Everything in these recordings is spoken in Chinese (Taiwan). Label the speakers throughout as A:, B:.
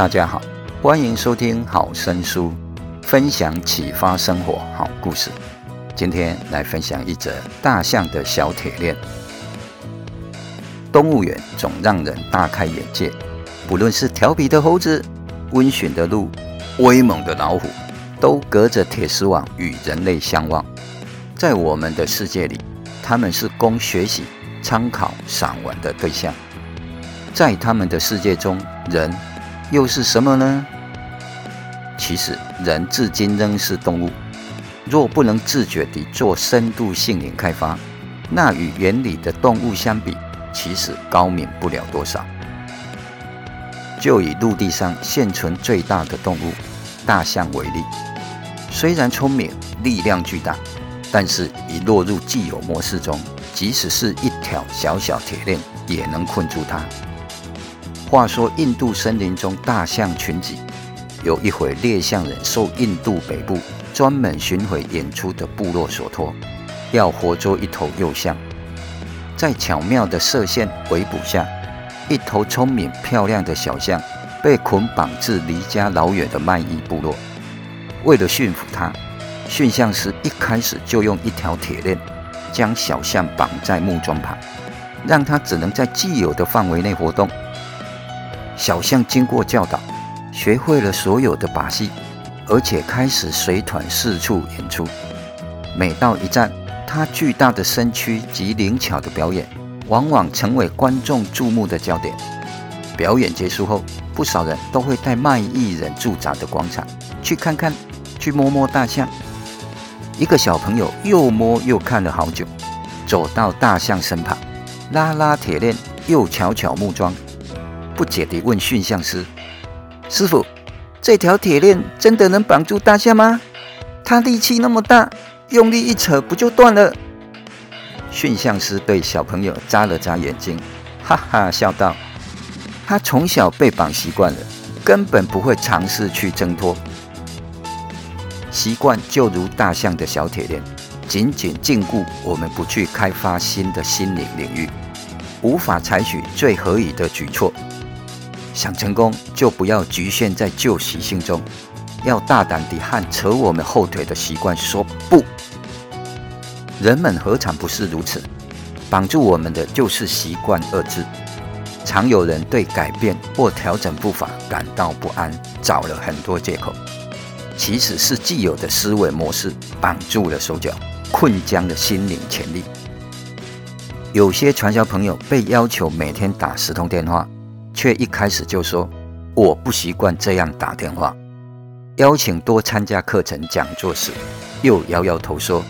A: 大家好，歡迎收聽好聲書，分享啟發生活好故事。今天來分享一則大象的小鐵鏈。動物園總讓人大開眼界，不論是調皮的猴子、溫馴的鹿、威猛的老虎，都隔着鐵絲網與人類相望。在我們的世界裡，他們是供學習、參考、散文的對象；在他們的世界中，人。又是什麼呢？其實，人至今仍是動物。若不能自覺地做深度性靈開發，那與園裡的動物相比，其實高明不了多少。就以陸地上現存最大的動物——大象為例，雖然聰明、力量巨大，但是已落入既有模式中。即使是一條小小鐵鏈，也能困住它。話說，印度森林中大象群集。有一回，獵象人受印度北部專門巡迴演出的部落所托，要活捉一頭幼象。在巧妙的射線圍捕下，一頭聰明漂亮的小象被捆綁至離家老遠的賣藝部落。為了馴服它，馴象師一開始就用一條鐵鏈將小象綁在木樁旁，讓它只能在既有的範圍內活動。小象經過教導，學會了所有的把戲，而且開始隨團四處演出。每到一站，它巨大的身軀及靈巧的表演，往往成為觀眾注目的焦點。表演結束後，不少人都會到賣藝人駐紮的廣場去看看，去摸摸大象。一個小朋友又摸又看了好久，走到大象身旁，拉拉鐵鏈，又敲敲木樁。不解地問馴象師：“師傅，這條鐵鏈真的能綁住大象嗎？它力氣那麼大，用力一扯不就斷了？”馴象師對小朋友眨了眨眼睛，哈哈笑道：“他從小被綁習慣了，根本不會嘗試去掙脫。習慣就如大象的小鐵鏈，緊緊禁錮我們，不去開發新的心理領域，無法採取最合理的舉措。”想成功，就不要局限在舊習性中，要大膽地和扯我們後腿的習慣說不。人們何嘗不是如此？綁住我們的就是“習慣”二字。常有人對改變或調整步伐感到不安，找了很多借口。其實是既有的思維模式綁住了手腳，困僵了心靈潛力。有些傳銷朋友被要求每天打十通電話。卻一開始就說我不習慣這樣打電話。邀請多參加課程講座時，又搖搖頭說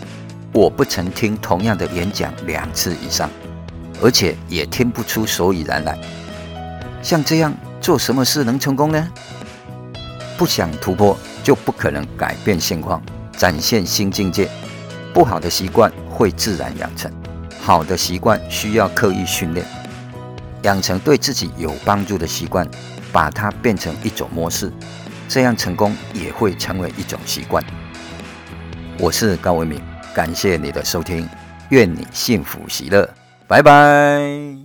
A: 我不曾聽同樣的演講兩次以上，而且也聽不出所以然來。像這樣做什麼事能成功呢？不想突破，就不可能改變現況，展現新境界。不好的習慣會自然養成，好的習慣需要刻意訓練。養成對自己有幫助的習慣，把它變成一種模式，這樣成功也會成為一種習慣。我是高文明，感謝你的收聽，願你幸福喜樂，拜拜。